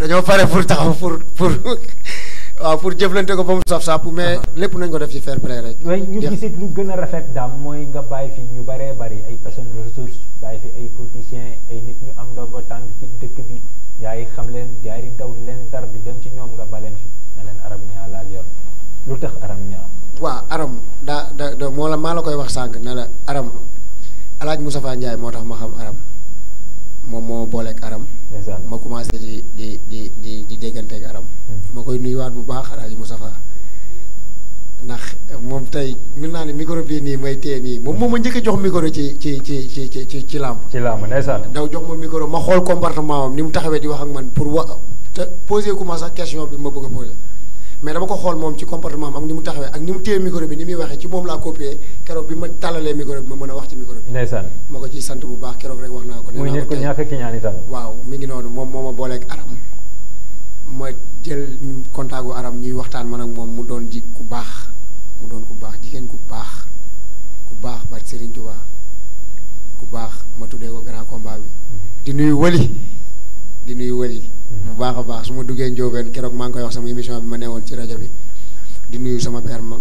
dañoo pare pour taxaw pour pour waaw pour jëflante ko ba mu saf sàpp mais ah. lépp nañ ko def ci fair play rek. mais ñu gisit lu gën a rafet daam mooy nga bàyyi fii ñu baree bari ay personnes ressources bàyyi fii ay politiciens ay nit ñu am ndombo tànk ci dëkk bi yaay xam leen jaari di daw leen dar bi dem ci ñoom nga baleen fi ne leen aram ñaa laal yoon lu tax arab ñaa. waaw aram daa da da moo la maa la koy wax sànq ne la aram alaaj Moustapha Ndiaye moo tax ma xam aram. moom moo booleek aram ma commencé di di di di di dégganteeg aram hmm. ma koy nuyuwaat bu baax alaaji Moustapha ndax moom tey mën naa ne micro bii nii may tee nii moom moom ma njëkk jox micro ci ci ci ci ci ci ci làmb ci làmb ndeysaan daw jox ma micro ma xool comportement am ni mu taxawee di wax ak man pour wa te posé ku sax question bi ma bëgg a posé mais dama ko xool moom ci comportement am ak ni mu taxawee ak ni mu téye micro bi ni muy waxee ci moom laa copié keroog bi ma tàllalee micro bi ma mën a wax ci micro bi. ndeysaan ma ko ciy sant bu baax keroog rek wax naa ko. nee naa ko muy ñàkk ma booleeg aram ma jël kontaagu aram ñuy waxtaan man ak moom mu doon ji ku baax mu doon ku baax jigéen ku baax ku baax ba Serigne Touba ku baax ma tuddee ko grand combat bi mm-hmm. di nuyu wali. di nuyu wëli bu baax a baax su ma duggee Njóobeen keroog maa ngi koy wax sama émission bi ma newoon ci rajo bi di nuyu sama père ma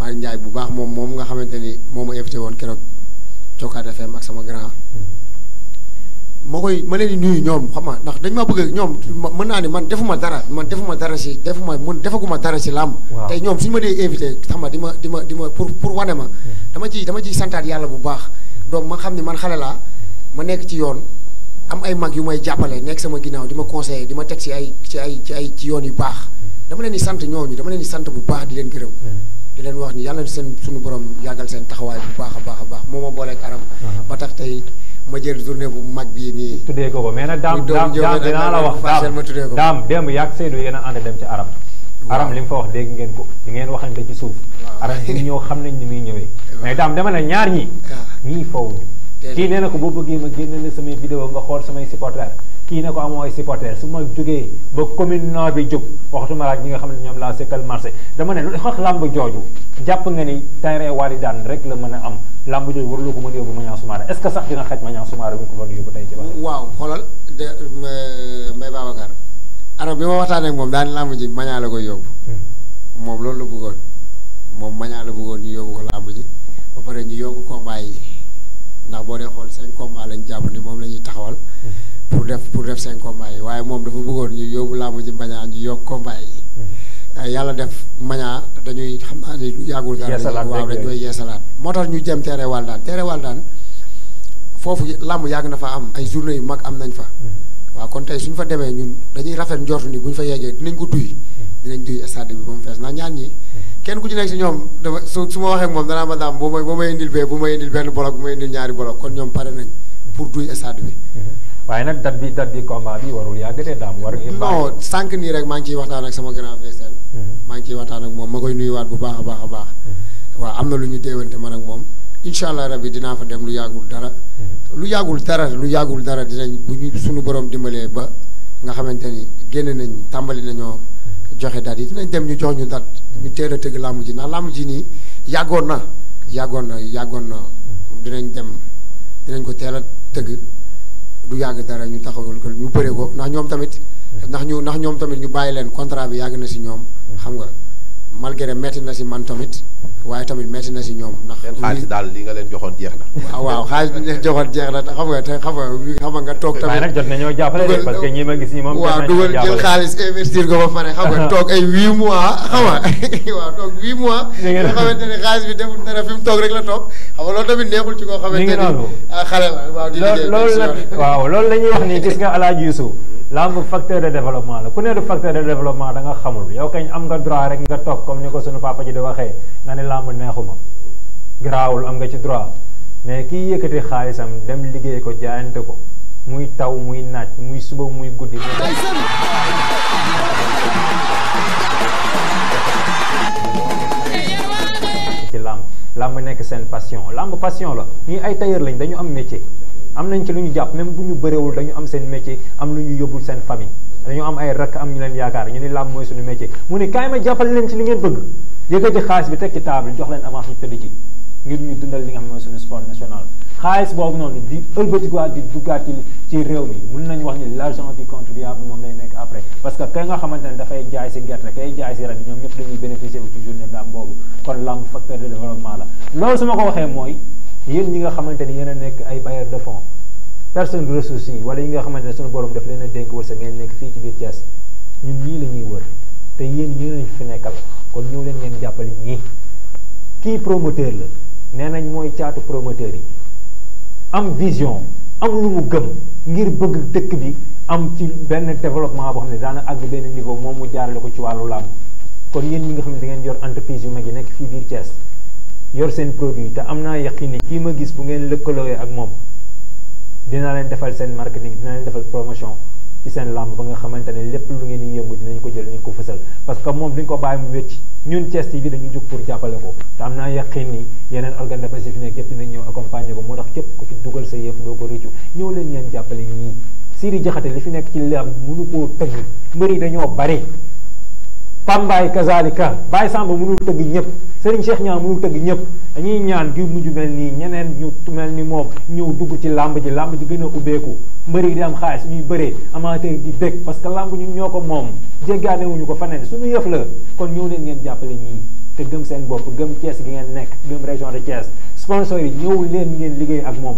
Malick Ndiaye bu baax moom moom nga xamante ni moo ma invité woon keroog Cokkaat FM ak sama grand. moo koy ma leen nuyu ñoom xam nga ndax dañ ma bëgg ñoom mën naa ni man defuma dara man defuma dara si defuma man defaguma dara si làmb tey ñoom suñu ma dee invité xam nga di ma di ma di ma pour pour wane ma hmm. dama ci dama ciy santaat yàlla bu baax donc ma xam ne man xale laa ma nekk ci yoon am ay mag yu may jàppale nekk sama ginnaaw di ma conseiller di ma teg ci ay ci ay ci yoon yu baax dama leen di sant ñi dama leen sant bu baax di leen gërëm mm-hmm. di leen wax ni yàlla seen suñu borom yàggal seen taxawaay baax a a baax moo ma booleeg aram uh-huh. ba tax tey ma jël journée bu mag bii nii tuddee ko ko mais nag daam daam dinaa la wax ma tuddee ko daam démb yàgg Seydou dem ci aram aram li mu fa dégg ngeen ko di ngeen waxante ci suuf aram ñi ñëw nañ ni muy ñëwee mais daam dama ne ñaar ñi ñii fawuñu kii nee na ko boo bëggee ma génne la samay vidéo nga xool samay supporter kii ne ko amoo ay supporter su ma jógee ba commune nord bi jóg waxtuma ak ñi nga xam ne ñoom laa sekkal marché dama ne lu xax làmb jooju jàpp nga ni terrain waali daan rek la mën a am làmb jooju waruloo ko mën a ma Maniang Soumaré est-ce que sax dina xaj Maniang Soumaré bu ñu ko doon yóbbu tey ci waaw xoolal de euh, Mbaye Babacar arab bi ma waxtaanee ak moom daan làmb ji Maniang la hmm. moom loolu la bëggoon moom Maniang la bëggoon ñu yóbbu ko làmb ji ndax boo dee xool cinq combats lañ jàpp ni moom lañuy taxawal. pour def pour def cinq combats yi waaye moom dafa bëggoon ñu yóbbu làmb ji mbañaa ñu yokk combats yi. Mm-hmm. Eh, yàlla def mañaa dañuy xam naa ni yàggul dara waaw dañ koy yeesalaat moo tax ñu jëm teere waldaan teere waldaan foofu làmb yàgg na fa am ay journée yu mag am nañ fa mm-hmm. waaw kon tey suñu fa demee ñun dañuy rafet njortu ni bu ñu fa yeggee dinañ ko duy dinañ duy stade bi ba mu fees ndax ñaar ñi kenn ku ci nekk si ñoom dafa su su ma waxee moom danaa ma daam boo may boo may indil bee bu may indil benn bolok bu may indil ñaari bolok kon ñoom pare nañ pour duy stade bi waaye nag dat bi dat bi combat bi warul yàgg de daam war non nii rek maa ciy waxtaan ak sama grand frère mhm. maa ngi ciy waxtaan ak moom ma koy nuyuwaat bu baax a baax a baax mhm. waa am na lu ñu déewante man ak moom incha allah rabbi dinaa fa dem lu yàggul dara. lu yàggul dara lu yàggul dara dinañ bu ñu suñu borom dimbalee ba nga xamante ni génn nañ tàmbali nañoo joxe dat yi dinañ dem ñu jox ñu dat ñu teel a tëgg làmb ji ndax làmb ji nii yàggoon na yàggoon na yàggoon na dinañ dem dinañ ko teel a tëgg du yàgg dara ñu taxawal ko ñu bëree ko ndax ñoom tamit. ndax ñu ndax ñoom tamit ñu bàyyi leen contrat bi yàgg na si ñoom xam nga. malgré metti na si man tamit waaye tamit metti na si ñoom ndax. seen xaalis daal li nga leen joxoon jeex na. Ah, waaw xaalis bi ñu leen joxoon jeex na xam nga te xam nga xam nga toog. tamit waaye nag jot nañoo jàppale parce gis nii moom. waaw dugal jël xaalis investir toog ay huit mois xam nga waaw toog huit mois. nga xamante ne xaalis bi deful dara fi toog rek la toog xam nga loolu tamit neexul ci koo xamante ni ah, xale la waaw di liggéey. loolu nag waaw loolu la ñuy wax ni gis nga Alaaji Yuusu lamb facteur de développement la ku ne du facteur de développement da nga xamul yow ya, kañ am nga droit rek nga tok comme ni ko sunu papa ji di waxe nga ne lamb neexuma garaawul am nga ci droit mais ki yëkkati xalisam dem liggey ko jaante ko muy taw muy nat muy suba muy goudi ci lamb lamb nekk passion lamb passion la ñuy ay tailleur lañ dañu am métier am nañ ci lu ñu jàpp même bu ñu bëreewul dañu am seen métier am lu ñu yóbbul seen famille dañoo am ay rakk am ñu leen yaakaar ñu ni làmb mooy suñu métier mu ne kaay ma jàppale leen ci li ngeen bëgg yëkkati xaalis bi teg ci table jox leen avance ñu tëdd ci ngir ñu dundal li nga xam ne mooy suñu sport national xaalis boobu noonu di ëlbatikuwaat di duggaat ci réew mi mun nañu wax ni l'argent du contribuable moom lay nekk après parce que kay nga xamante ne dafay jaay si gerte kay jaay ñoom ñëpp dañuy wu ci journée daam boobu kon la loolu su ma ko waxee mooy yéen ñi nga xamante ni yéen nekk ay bailleurs de fonds personne ressources yi wala yi nga xamante ne suñu borom daf leen a dénk wërsëg ngeen nekk fii ci biir Thiès ñun ñii la ñuy wër te yéen yéen a fi nekkal kon ñëw leen ngeen jàppale ñii kii promoteur la nee nañ mooy caatu promoteur yi am vision am lu mu gëm ngir bëgg dëkk bi am ci benn développement boo xam ne daana àgg benn niveau moom mu jaarale ko ci wàllu làmb kon yéen ñi nga xam ne da ngeen yor entreprise yu mag yi nekk fii biir Thiès. yor seen produit te am naa yaqin ni kii ma gis bu ngeen lëkkaloo ak moom dinaa leen defal seen marketing dina leen defal promotion ci seen làmb ba nga xamante ne lépp lu ngeen di yëngu dinañ ko jël dinañ ko fësal parce que moom duñ ko bàyyi mu wécc ñun Thiès TV dañu jóg pour jàppale ko te am naa yaqin ni yeneen organe de presse fi nekk yëpp dinañ ñëw ko moo tax képp ku ci dugal sa yëf doo ko réccu ñëw leen ngeen jàppale ñii Siri Jaxate li fi nekk ci làmb mënu koo tëgg mbër yi dañoo bari pambaay kazalika Baye Samba mënul tëgg ñëpp Serigne Cheikh Niang mënul tëgg ñëpp dañuy ñaan gi mujj mel nii ñeneen ñu mel ni moom ñëw dugg ci làmb ji làmb ji gën a ubbeeku mbëri dem am xaalis ñuy bëree amateur di bég parce que làmb ñu ñoo ko moom jéggaanewuñu ko faneen suñu yëf la kon ñëw leen ngeen jàppale ñii te gëm seen bopp gëm Thiès gi ngeen nekk gëm région de Thiès sponsor yi ñëw leen ngeen liggéey ak moom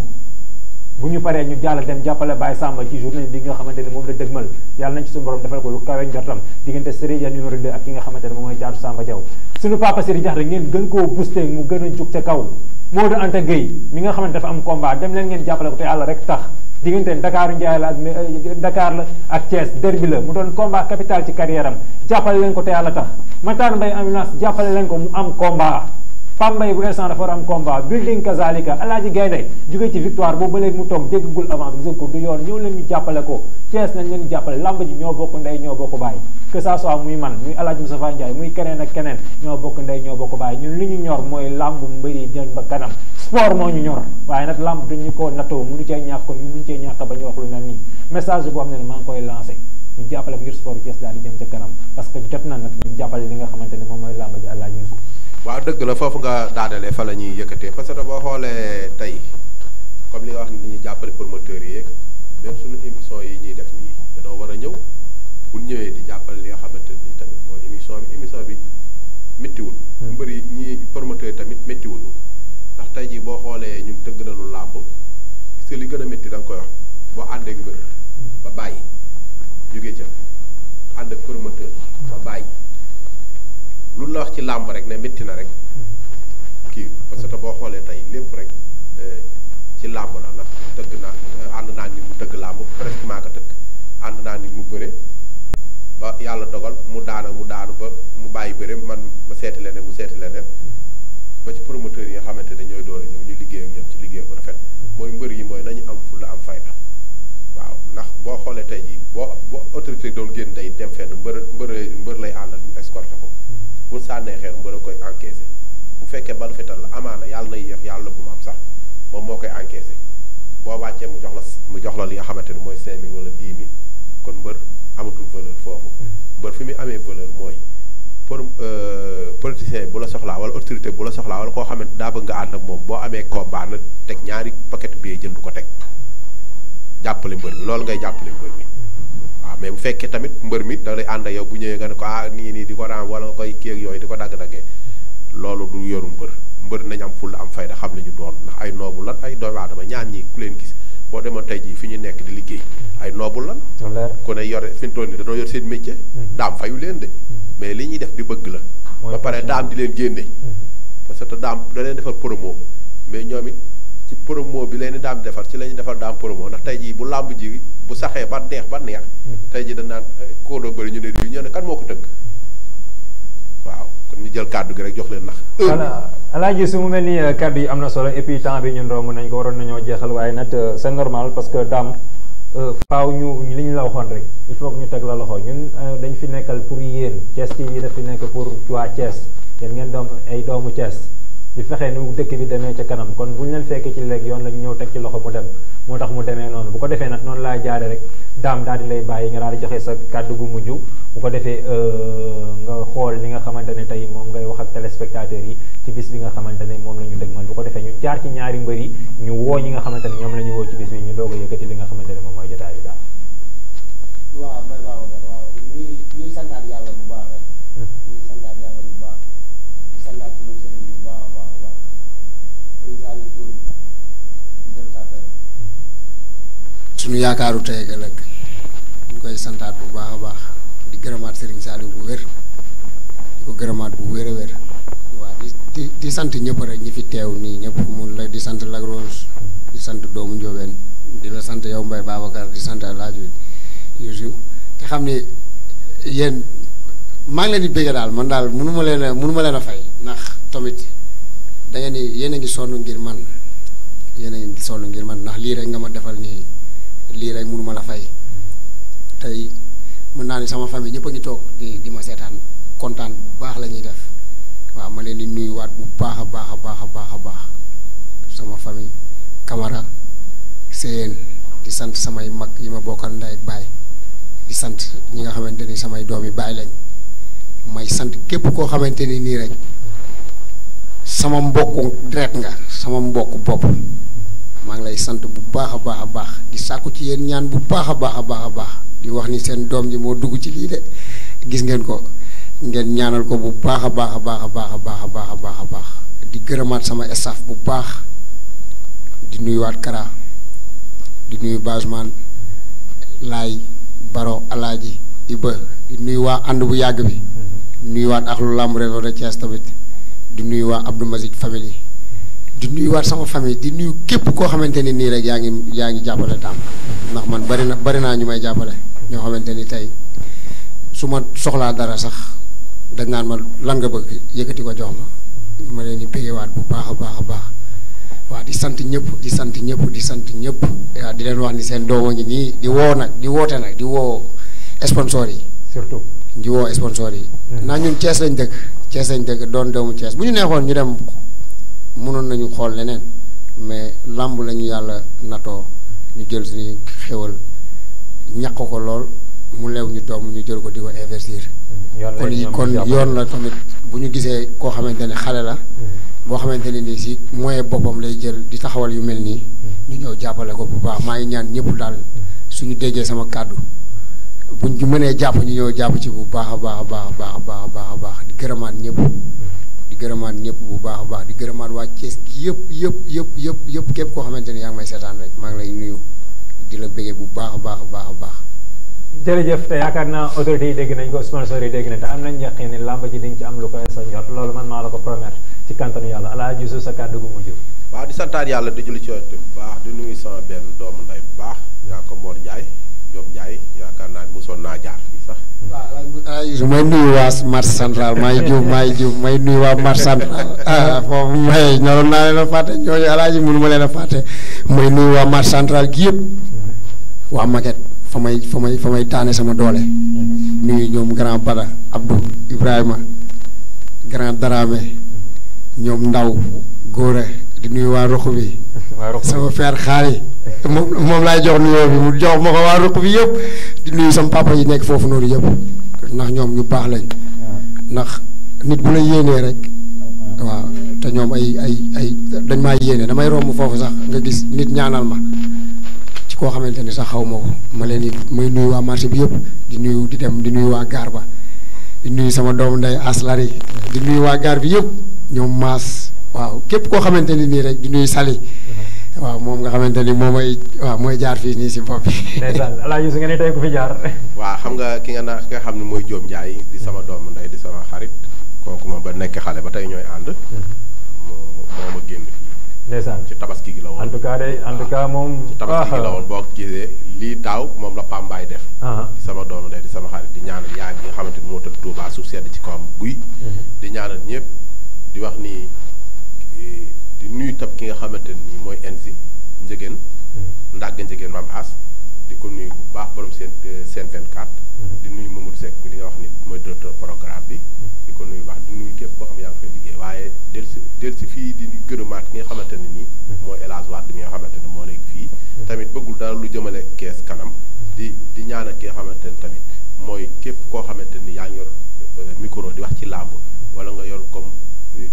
bu ñu paree ñu jàll dem jàppale Baye Samba ci journée bi nga xamante ne moom la dëgmal yàlla nañ ci suñu borom defal ko lu kawe njortam diggante Serigne Dia numéro 2 ak ki nga xamante ne mooy Thiatou Samba Diaw suñu papa Serigne rek ngeen gën koo booster mu gën a jug ca kaw Modou Anta Gueye mi nga xamante dafa am combat dem leen ngeen jàppale ko te yàlla rek tax diggante Dakar Ndiaye la ak euh, Dakar la ak Thiès derby la mu doon combat capital ci carrière am jàppale leen ko te yàlla tax Matar Mbaye ambulance jàppale ko mu am combat Pambay bu instant dafa war am combat building kazalika Alaaji Gaynde jóge ci victoire boobu ba mu toog déggagul avance gis ko du yoon ñëw ñu jàppale ko Thiès nañ leen jàppale lamb ji ñoo bokk ndey ñoo bokk bàyyi que ça soit muy man muy Alaaji Moustapha Ndiaye muy keneen ak keneen ñoo bokk ndey ñoo bokk bàyyi li ñu ñor mooy lamb mbëri jën ba kanam sport moo ñu ñor waaye nag lamb dañu ko nattoo mënu cee ñàkk kon mënu cee ñàkk ba ñu wax jàppale na li nga xamante ne moom mooy lamb ji Alaaji Yuusu waa dëgg la foofu nga daadalee fa la ñuy yëkkatee parce que boo xoolee tey comme li nga wax ni ñuy jàppale promoteurs yi même suñu émission yi ñuy def nii dañoo war a ñëw bu ñëwee di jàppale li nga xamante ni tamit mooy émission bi émission bi méttiwul. mu hmm. bëri ñu promoteurs yi tamit méttiwul ndax tey jii boo xoolee ñun tëgg na lu làmb parce que li gën a métti da koy wax boo àndeek mbër ba bàyyi jóge ca ànd ak promoteur ba bàyyi. lu la wax ci làmb rek ne métti na rek kii parce que boo xoolee tey lépp rek eh, ci làmb la ndax tëgg na eh, ànd naa ni mu tëgg làmb presque maa ko tëgg ànd naa ni mu bëre ba yàlla dogal mu daana mu daanu ba mu bàyyi bëre man ma seeti leneen mu seeti leneen ba ci promoteurs yi nga xamante ne ñooy door a ñëw ñu liggéey ak ñoom ci liggéey bu rafet mooy mbër yi mooy nañu am fulla am fayda waaw ndax boo xoolee tey jii boo boo autorité doon génn tey dem fenn mbër mbër mbër lay àndal ñu escorté ko bu sànnee xeer mbër a koy encaissé bu fekkee balu fetal la amaana yàlla na yéex yàlla bu mu am sax moom moo koy encaissé boo wàccee mu jox la mu jox la li nga xamante ne mooy cinq mille wala dix mille kon mbër amatul valeur foofu mbër fi muy amee valeur mooy pour euh, politicien bu la soxlaa wala autorité bu la soxlaa wala koo xamante daa bëgg nga ànd ak moom boo amee combat na teg ñaari paquet bi jëndu ko teg jàppale mbër mi loolu ngay jàppale mbër mi waaw mais bu fekkee tamit mbër mi da lay ànd ak yow bu ñëwee nga ne ko ah nii nii di ko raam wala nga koy kii ak yooyu di ko dagg-daggee loolu du yoru mbër mbër nañ am fulla am fay fayda xam la ñu doon ndax ay noobu lan ay doomu aadama ñaan ñi ku leen gis boo demoon tey jii fi ñu nekk di liggéey ay noobu lan ku ne yore fi ñu toll nii dañoo yor seen métier mm-hmm. daam fayu leen de mm-hmm. mais li ñuy def di bëgg la ba pare daam di leen génne mm-hmm. parce que daam da leen defar promo mais ñoom ci promo bi leen daam defar ci lañu defar daam promo ndax tey jii bu lamb ji bu saxee ba neex ba neex mhm. tey jii dañ naan eh, kóodoo ñu ne diw ñoo ne kan moo ko tëgg waaw kon ñu jël kàddu gi rek jox leen nax alaaji su mu mel ni eh, kàddu yi am na solo et puis temps bi ñun romb nañ ko waroon nañoo jeexal waaye nag eh, c'est normal parce que daam faaw ñu li ñu la waxoon rek il faut que ñu teg la loxo ñun dañ fi nekkal pour yéen Thiès yi daf fi nekk pour waa Thiès yéen ngeen doom ay doomu Thiès di fexe nu dëkk bi demee ca kanam kon bu ñu leen fekkee ci léegi yoon lañ ñëw teg ci loxo mu dem moo tax mu demee noonu bu ko defee nag noonu laa jaare rek daam daal lay bàyyi nga daal joxe sa kàddu gu mujj bu ko defee euh, nga xool li nga xamante ne tey moom ngay wax ak téléspectateurs yi ci bis bi nga xamante ne moom la ñu dëgmal bu ko defee ñu jaar ci ñaari mbër yi ñu woo ñi nga xamante ne ñoom la ñu woo ci bis bi ñu doog a yëkkati li nga xamante ne moom mooy jotaay ñu yaakaaru tey ak ëllëg ñu koy santaat bu baax a baax di gërëmaat Serigne Saliou bu wér di ko gërëmaat bu wér a wér waa di di sant ñëpp rek ñi fi teew nii ñëpp mun la di sant Lac Rose di sant doomu Ndiobène di la sant yow Mbaye Babacar di sant laaju Youssouf te xam ni yéen maa ngi leen di bëgg daal man daal mënu leen a leen a fay ndax tamit da ngeen ni yéen a ngi sonn ngir man yenn a ngi sonn ngir man ndax lii rek nga ma defal nii. li rek mënuma la fay tay mën na ni sama famille ñepp ngi tok di di ma sétane contane bu baax lañuy def wa ma leen di wat bu baaxa baaxa baaxa baaxa baax sama famille Camara Seen di sant samay mag yima bokal nday ndey ak di sant ñi nga xamanteni ni samay doom lañ may sant képp ko xamanteni ni rek sama mbokk deret nga sama mbokk bop maa ngi lay sant bu baax a baax a baax di sàkku ci yéen ñaan bu baax a baax a baax a baax di wax ni seen doom ji moo dugg ci lii de gis ngeen ko ngeen ñaanal ko bu baax a baax a baax a baax a baax a baax a baax a baax di gërëmaat sama staff bu baax di nuyuwaat Kara di nuyu Basman Laay Baro Alaaji Iba di nuyu waa ànd bu yàgg bi nuyuwaat ak lu làmb Réseau de Thiès tamit di nuyu waa Abdou Mazik famille di war sama famille di nuyu képp koo xamante ni nii rek yaa ngi yaa ngi jàppale daam ndax man bari na bari naa ñu may jàppale ñoo xamante ni tey su ma soxlaa dara sax dañ naan ma lan nga bëgg yëkkati ko jox ma ma leen di bégewaat bu baax a baax a baax di sant ñëpp di sant ñëpp di sant ñëpp waaw di leen wax ni seen dooma ngi nii di woo nag di woote nag di woo sponsor yi surtout di woo sponsor yi mm-hmm. naa ñun Thiès lañ dëkk Thiès lañ dëkk doon doomu Thiès bu ñu neexoon ñu dem mënoon nañu xool leneen mais làmb lañu yàlla natoo ñu jël suñu xéwal ñàq ko lool mu lew ñu doom ñu jël ko di ko investir. kon yi kon yoon la tamit bu ñu gisee koo xamante ne xale la. Mm-hmm. boo xamante ne nii si moyen boppam lay jël di taxawal yu mel nii. Mm-hmm. ñu ñëw jàppale ko bu baax maa ngi ñaan ñëpp daal mm-hmm. suñu déggee sama kàddu buñ mënee jàpp ñu ñëw jàpp ci bu baax a baax a baax a baax a baax a baax di gërëmaat ñëpp. di gërëmaat ñëpp bu baax baax di gërëmaat wa ciess gi yëpp yëpp yëpp yëpp yëpp képp ko xamanteni ni yaa ngi may sétan rek ma ngi lay nuyu di la bëggé bu baax a baax baax a baax jërëjëf te yaakaar naa autorité yi dégg nañ ko sponsor yi dégg nañ te am nañ yaqin ni lamb ji di ci am lu koy sa njort loolu man maa la ko promettre ci kantanu yàlla alaa Yuusuf sa kàddu gu mujj waaw di santaat yàlla di julli ci yoon bu baax di nuyu sama benn doomu nday bu baax ñaa ya, ko Mor Ndiaye jom Ndiaye yaakaar naa mosoon naa jaar waaw may nuyu waa marché central may Diouf may Diouf may nuyu waa marché central ah, may ñoroon naa leen fàtte ñooñu alaaji mënu ma leen a fàtte may nuyu waa marché central gi yëpp waa Maguette fa may fa taane sama doole nuyu ñoom grand Bada Abdou Ibrahima grand Dramé ñoom Ndaw Góora di nuyu waa roq bi sama feer xaar moom moom laay jox nuyoo bi mu jox ma ko waa ruq bi yëpp di nuyu sama papa yi nekk foofu noonu yëpp ndax ñoom ñu baax lañ ndax nit bu la yéenee rek waaw te ñoom ay ay ay dañ maa yéene damay romb foofu sax nga gis nit ñaanal ma ci koo xamante ni sax xaw ma ko ma leen di may nuyu waa marché bi yëpp di nuyu di dem di nuyu waa gaar ba di nuyu sama doomu nday aslari di nuyu waa gaar bi yëpp ñoom maas waaw képp koo xamante ni nii rek di nuyu sali waaw moom nga xamante ni moom mooy waaw mooy jaar fii nii si bopp bi. ndeysaan El Hadj Youssou nga tey ku fi jaar. waaw xam nga ki nga na ki nga xam ne mooy Diome njaay di sama doomu ndey di sama xarit kooku ma ba nekk xale ba tey ñooy ànd. Mm-hmm. génn fii. ci tabaski gi la woon. moom. ci tabaski gi boo gisee lii daaw moom la Pambaay def. Uh-huh. di sama doomu ndey di sama xarit di ñaanal yaay bi nga xamante ni moo tëdd Touba suuf sedd ci kawam guy. Mm-hmm. di ñaanal ñëpp di wax ni. Eh, tab ki nga xamante ni mooy NZ Njëgeen. Ndaga Njëgeen maam As. di ko nuyu bu baax borom seen euh, seen 24. Mm-hmm. di nuyu Mamadou Seck li nga wax ni mooy directeur programme bi. Mm-hmm. ko nuyu baax di nuyu képp koo xam waaye del si del si fii di gërëmaat ki nga xamante ne nii. Mm-hmm. mooy El mi nga xamante ne moo nekk fii. tamit bëggul dara lu jëmale kees kanam. di di ñaanal ki nga xamante ne tamit mooy képp koo xamante ni yaa ngi yor euh, micro di wax ci làmb wala nga yor comme. Euh,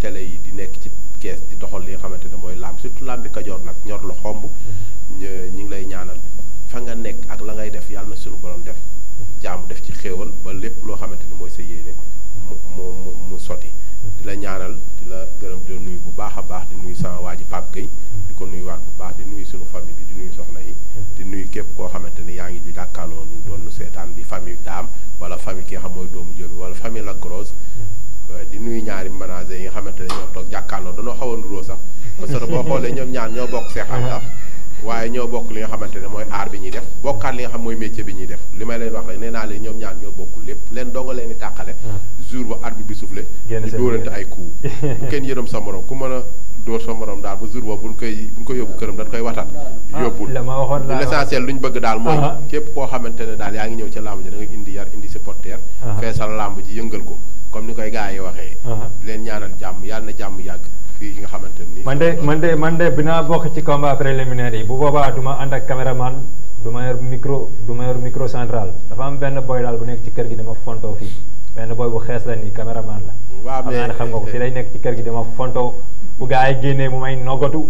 tele yi di nekk ci kees di doxal li nga xamante ne mooy làmb surtout bi kajoor nag ñor la xomb mm-hmm. ñi ngi lay ñaanal fa nga nekk ak la ngay def yàlla sulu suñu borom def mm-hmm. jàmm def ci xéewal ba lépp loo xamante ne mooy sa yéene mu mu mu sotti mm-hmm. di la ñaanal di la gërëm di la nuyu bu baax a baax di nuyu sama waa ji Pape di ko nuyu waat bu baax di nuyu sulu famille bi di nuyu soxna yi di nuyu képp koo xamante ne yaa ngi di jàkkaarloo lu doon seetaan di famille daam wala famille ki wala famille la grosse Euh, di nuyu ñaari ménager yi nga xamante ne ñoo toog jàkkaarloo dañoo xaw a nuroo sax parce que boo xoolee ñoom ñaar ñoo bokk seexal la waaye ñoo bokk li nga xamante ne mooy aar bi ñuy def bokkaat li nga xam mooy métier bi ñuy def li may leen wax rek nee naa leen ñoom ñaar ñoo bokk lépp leen donga leen di tàqale ah. jour ba arbitre bi soufflé ñu dóorante ay coups bu kenn yërëm sa morom ku mën a dóor sa morom daal ba jour boobu bu ñu koy bu ñu koy yóbbu këram dañ koy watat ah, yóbbul l'essentiel lu ñu bëgg daal mooy uh-huh. képp koo xamante ne daal yaa ngi ñëw ca làmb ji da nga indi yar indi supporter uh-huh. feesal làmb yëngal ko comme ni koy gars yi waxee uh-huh. leen ñaanal jàmm na jàmm yàgg fii nga xamante nii man de man de man de dinaa bokk ci combat préliminaire yi bu boobaa du ma ànd ak caméraman du ma yor micro du ma yor micro central dafa am benn boy daal bu nekk ci kër gi dama fontoo fii benn booy bu xees la nii caméraman la. waaw mais xam naa nga ko fii lay nekk ci kër gi dama fonto bu gaa yi génnee mu may noggatu.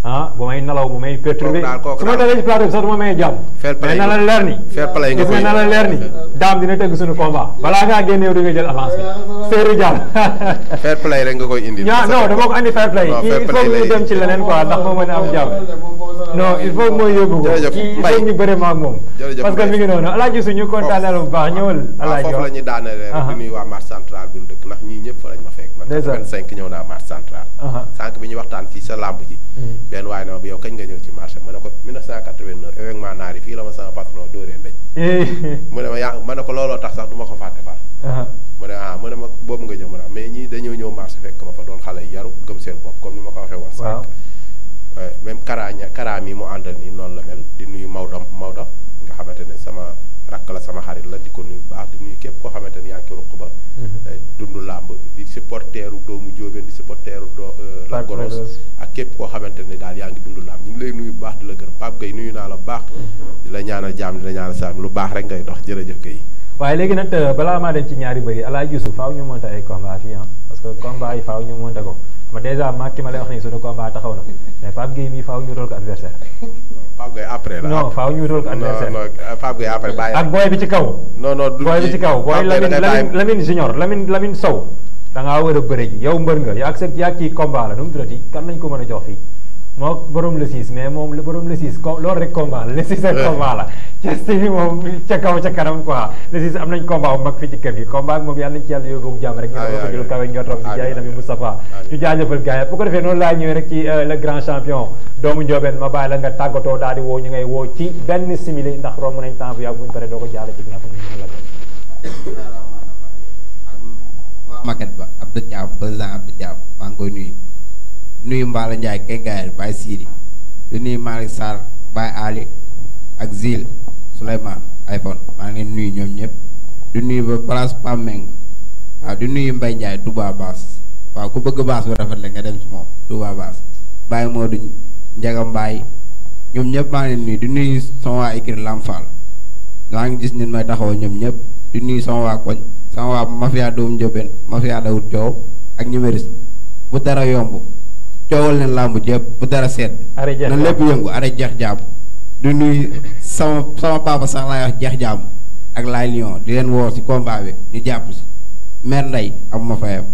ah bu may nelaw bu may perturbé su ma dalee ci plateau bi sax du ma may jàmm mais na la di nga jël avance bi séeru jàmm fair play rek nga koy indi ñaa non dama ko andi fair play il faut ñu dem ci leneen quoi ndax ma am jàmm non il faut mooy yóbbu ko il faut ñu bëre maag moom parce que mi ngi noonu alaaji suñu kontaanal bu baax ñëwal alaaji foofu la ñuy daanale di vingt-cinq ñëw naa marché central sànq bi ñuy waxtaan ci sa làmb ji mm-hmm. benn waaye na ma bi yow kañ nga ñëw ci marché ma ne ko 1989 événement naar yi fii la ma sama patron dóoree mbéj eh. mu ne ma yaa ma ne ko képp koo xamante ne daal yaa ngi dund laam ñu ngi lay nuyu bu baax di la gërëm Pape Gueye nuyu naa la baax di la ñaanal jaam di la ñaanal saam lu baax rek ngay dox jërëjëf Gueye waaye léegi nag euh, balaa maa dem ci ñaari mbër yi Alaaji faaw ñu monté ay combat fii ah parce que combat yi faaw ñu monté ko ma dèjà ma ki ma lay wax nii suñu combat taxaw na mais Pape Gueye mii faaw ñu ko adversaire Pape Gueye après la faaw ñu ko adversaire ak booy bi ci kaw da war a bëre yow mbër nga yaa ak yaa kii combat nu mu tuddati kan lañ ko mën a jox fii moo borom le mais moom borom le six lool rek combat la le six ak combat la ceste bi am nañ combat bu mag fii ci kër gi combat ak moom yàlla nañ ci yàlla yóbbu jàmm rek ñu jël kawe ñoo toog si jaay nabi Moustapha ñu jaajëfal gars yi ko defee noonu laa ñëwee rek ci euh, le grand champion doomu Ndiobène ma bàyyi la nga tàggatoo daal di woo ñu ngay woo ci benn simili ndax romb nañ temps bu yàgg buñu pare doo ko jaale ci nga maquette ba Abdou Thiam président Abdou Thiam maa ngi koy nuyu nuyu Mbaala Ndiaye Kengaayal Baye Sidi di nuyu Malick Sarr Baye Ali ak Zil Souleymane iPhone maa ngi leen nuyu ñoom ñëpp di nuyu ba place Pameng waaw di nuyu Mbaye Ndiaye Touba Baas waa ku bëgg baas bu rafet la nga dem ci moom Touba Baas Baye Modou Ndiaga Mbaye ñoom ñëpp maa ngi leen di nuyu sama waa écurie maa ngi gis nit may taxaw ñoom ñëpp di nuyu sama wa koñ sama waa mafia doom Ndiobène mafia dawut coow ak numéris bu dara yomb coowal leen làmb jépp bu dara sedd na lépp yëngu are jeex jaam di nuyu sama sama papa sax laay wax jeex jaam ak laay lion di leen woo si combat bi ñu jàpp si mer ndey am ma fayam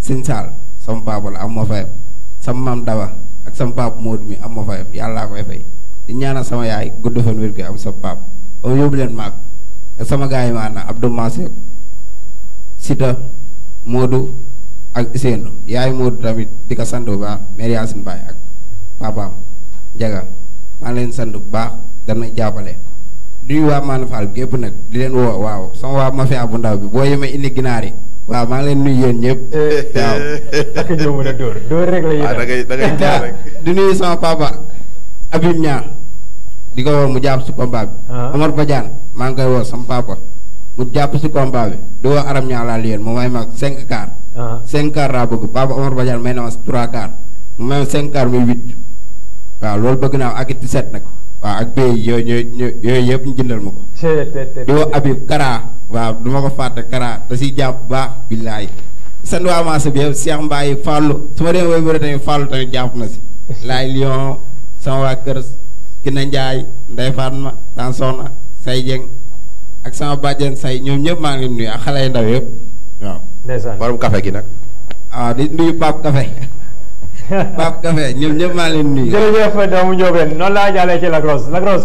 sëñ Saal sama papa la am ma fayam sama maam Daba ak sama papa Modou mi am ma fayam yàllaa koy fay di ñaanal sama yaay gudd fan wér gi am sa papa Oh, yóbbu leen maag ak sama gars yi maanaam Abdou Massé Sida ak Seynou yaay Modou tamit di ko sant bu baax mère Yacine Mbaye ak papaam Ndiaga maa ngi leen sant bu baax na jàppale. duy waa Maana Fall gépp nag di leen woo waaw sama waa mafia bu ndaw bi boo yemee indi ginaar yi waaw maa ngi leen nuyu yéen ñëpp. waaw ak ñoo mën a dóor dóor rek la yéen. Ah, da ngay da ngay rek. di nuyu sama papa Abim Niang. di ko mu jàpp ci combat bi amar ah. badian ma ngay wo sam papa mu jàpp ci combat bi do aram ñaalaal leen mo may mak 5 car 5 car ra bëgg papa amar badian may na ma trois car mu may 5 car muy 8 wa loolu bëgg na ak it set nag waaw ak bay yo yo yëpp ñu jëndal mako do abi Kara wa duma ko fàtte Kara da ci jàpp ba billahi sen wa ma se yëpp Cheikh Mbaye fallu su ma way woy tay fallu tay tamit na ci lay Lion sama wa keur na Njaay Ndey Fatma daan soxna say jeng ak sama bàjjen say ñoom ñëpp maa ngi leen nuyu ak xale yu ndaw yëpp waaw. ndeysaan borom gi nag. waaw ah, di nuyu Pape Café Pape Café ñoom ñëpp maa leen nuyu. jërëjëf laa jàllee waaw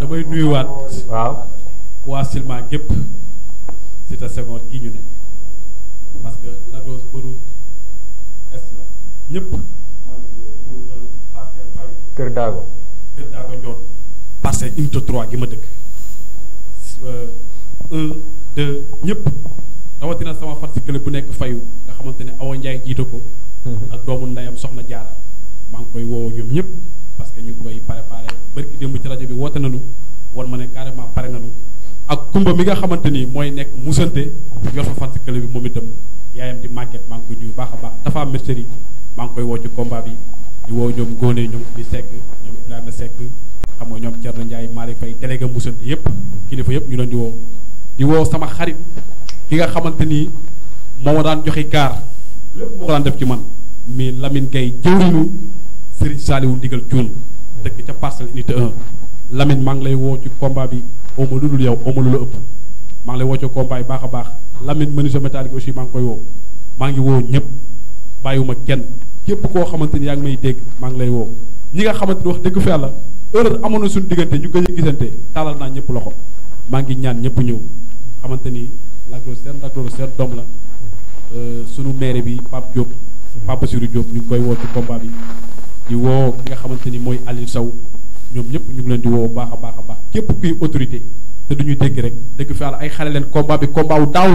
damay nuyuwaat. waaw. waa Silema que kër daago kër daago njoon passé unité 3 gi ma dëkk euh, un deux ñëpp rawatina sama fat si bu nekk fayu nga xamante ne awa njaay jiite ko mhm. ak doomu ndeyam soxna jaara maa ngi koy woo ñoom ñëpp parce que ñu ngi koy préparé barki ci rajo bi nañu ma ne carrément pare nañu ak kumba mi nga musante yor fa fan si bi moom yaayam di market maa ngi koy nuyu baax a baax dafa am mercerie ngi koy woo ci combat bi ñu woo ñoom Ngone ñoom Idi Seck ñoom Ibrahima Seck xam nga ñoom Thierno Ndiaye Malick Faye délégué Moussane yëpp kilifa yëpp ñu leen di woo di woo sama xarit ki nga xamante ni moo ma daan joxe kaar lépp moo daan def ci man mi Lamine kay jëwriñu Serigne Saliou ndigal Thioune dëkk ca parcelle unité 1 Lamine maa ngi lay woo ci combat bi oo ma lu dul yow oo ma lu la ëpp maa ngi lay woo ci combat baax a baax Lamine menuisier métallique aussi maa ngi koy woo maa ngi woo ñëpp bàyyiwuma kenn. képp koo xamante ni yaa ngi may dégg maa ngi lay woo ñi nga xamante ni wax dëgg fa yàlla amoon na suñu diggante ñu gëj a gisante taalal naa ñëpp loxo maa ngi ñaan ñëpp ñëw xamante ni Lac Rose seen Lac Rose seen doom la euh, sunu maire bi Pape Diop Pape Bassirou ñu ngi koy woo ci combat bi di woo ki nga xamante ni mooy Aliou Sow ñoom ñëpp ñu ngi leen di woo baax a baax a baax képp kuy autorité te duñu dégg rek dégg fa yàlla ay xale leen combat bi combat wu daaw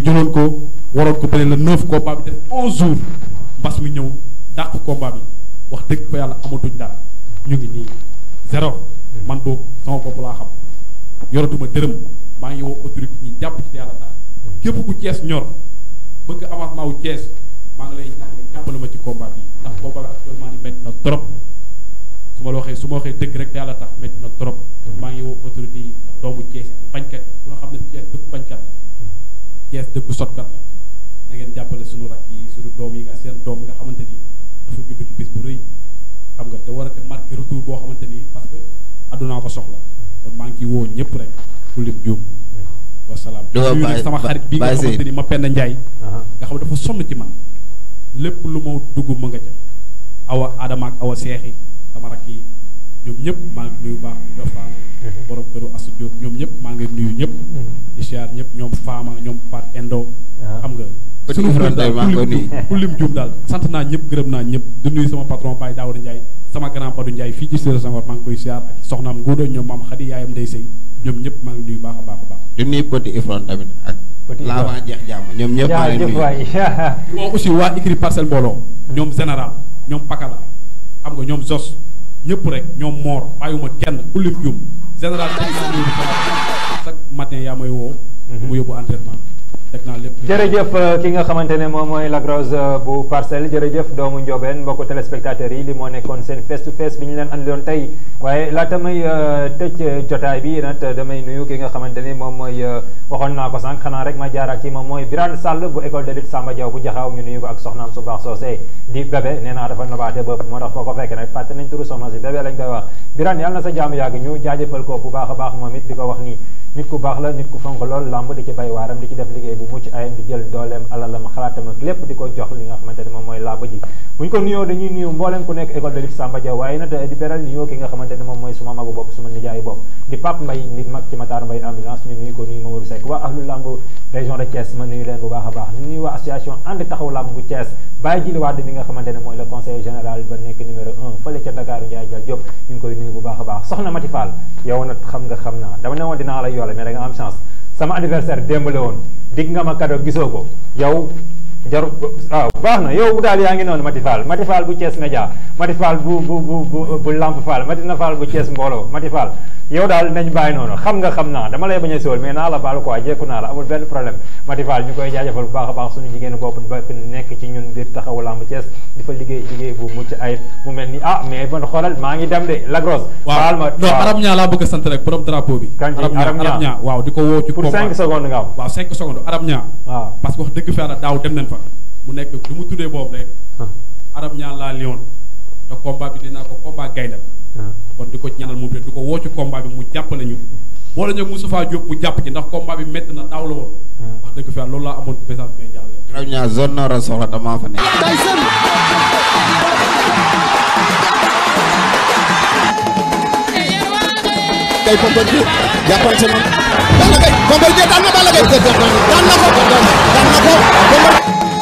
la woon ko waroon ko bëri le neuf combat bi def mbas mi ñëw dàq combat bi wax deug fa yalla amatuñ dara ñu ngi ni zéro man boog sama bop la xam yoratuma deureum maa ngi woo autorité ñi japp ci yalla dara képp ku Thiès ñor bëgg avancement wu Thiès ma nga lay ñaan nga jàppale ma ci combat bi ndax combat bi actuellement ni metti na trop suma ma la waxee su ma rek yalla tax metti na trop ma ngi woo autorité doomu Thiès ak bañkat ku nga xam ne Thiès dëkk bañkat la Thiès dëkk sotkat la ak yi suñu doom yi nga seen doom nga xamante ni dafa juddu ci bis bu rëy xam nga te war a te marqué retour boo xamante ni parce que aduna ko soxla kon maa ngi woo ñëpp rek ku lim juum wasalaam ñu sama xarit bi nga xamante ma penn njaay nga xam dafa sonn ci man lépp lu ma dugg ma nga ca awa adama ak awa seexi sama rak yi ñoom ñëpp maa ngi nuyu baax ñu faam borom këru asu jóob ñoom ñëpp ngi nuyu ñëpp di siyaar ñëpp ñoom faama ñoom paat endo xam nga suñu frère daal ku lim juum daal sant naa ñëpp gërëm naa ñëpp di nuyu sama patron Baye Daouda Ndiaye sama grand Badou Ndiaye fii ci Sédar Senghor koy siyaar ak soxnaam Ngouda ñoom maam Khady yaayam day sëy ñoom ñëpp maa ngi nuyu baax a baax a baax xam nga ñoom zos ñëpp rek ñoom moor bàyyiwuma kenn ku lim juum général chaque matin yaa may woo mu yóbbu entraînement jërëjëf euh, ki nga xamante ne moom mooy Lac Rose euh, bu parcelle jërëjëf doomu Ndiobène mbokku téléspectateurs yi li moo nekkoon seen face to face bi ñu leen andiloon tey waaye laata may euh, tëj jotaay bi nag damay nuyu ki nga xamante ne moom mooy waxoon naa ko sànq xanaa rek ma jaaraat ci moom mooy Birane Sall bu école de lutte Samba Diaw bu jaxaaw ñu nuyu ko ak soxnaam su baax soosee di bébé nee naa dafa nabaate bopp moo tax foo ko fekk nag fàtte nañ turu soxna si bébé lañ wax Birane yàlla na sa jaamu yàgg ñu jaajëfal bu baax a baax moom it di ko wax nii nit ku bax la nit ku fonk lol lamb di ci bay waram di ci def liggey bu mucc ayam di jël dolem alalam xalaatam ak lepp diko jox li nga xamante mom moy mooy lamb ji buñ ko nuyo dañuy nuyo mbooleem ku nek école de lutte Samba Dia waaye na di beral nuyo ki nga xamante mom moy suma magu bop suma nijaay bop di pap mbay nit mak ci Matar mbay ambulance ñu nuyo ko nuyu Mamadou sek wa ahlu lamb région de Thiès ma nuyo leen bu baaxa baax ñu nuyo association and taxaw lamb bu Thiès bàyyi jili wad mi nga xamante moy le conseil général ba nek numéro 1 fele ci Dakar Ndiaye jël jop ñu koy nuyo bu baaxa baax soxna matifal yow nag xam nga xamna dama neewon dina la yor doole mais da nga am chance sama anniversaire démb la woon dig nga ma cadeau gisoo ko yow jaru waaw baax na yow bu daal yaa ngi noonu Mati Fall bu Thiès Média Mati Fall bu bu bu bu Lamp Fall na Fall bu Thiès Mbooloo Mati Fall yow daal nañ bàyyi noonu xam nga xam naa dama lay bañ a sóol mais naa la baal quoi jekku naa la amul benn problème Mati baax a baax suñu jigéenu bopp ba nekk ci ñun biir taxawu Lamp Thiès di liggéey liggéey bu mucc ayib mu mel ni ah mais man xoolal maa ngi dem de la grosse baal ma non laa bëgg a sant rek borom drapeau bi Arame Niang waaw di ko woo ci pour mu nekk lu mu tuddee boobu rek ah. arab ñaan laa lion te combat bi dinaa ko combat gaynde la ah. kon di ko ñaanal moom te ko woo ci bi mu jàpp ñu boole ñoom Moustapha Diop mu jàpp ci ndax combat bi mett na daaw la woon ah. wax dëgg fi loolu laa amoon message may jàllale arab ñaan zone nord a soxla damaa fa nekk kay Bombardier jàppal ci man Balla Gaye Bombardier daan na Balla Gaye daan na ko daan na ko